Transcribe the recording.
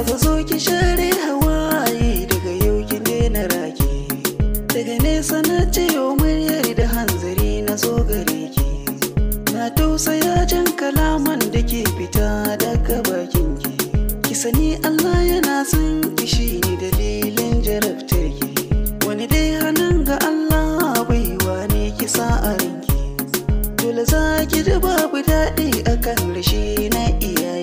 Baba zo ki share hawaye daga yau ki daina rake. Daga nesa na ce muryar da hanzari na zo gare ki. Na tausaya jan kalaman da ke fita daga bakin ki. Ki sani Allah yana san ki shi ne dalilin jarabtar ki. Wani dai hannun ga Allah baiwa ne ki sa'arin ki. Dole za ki ji babu daɗi akan rashi na iyaye.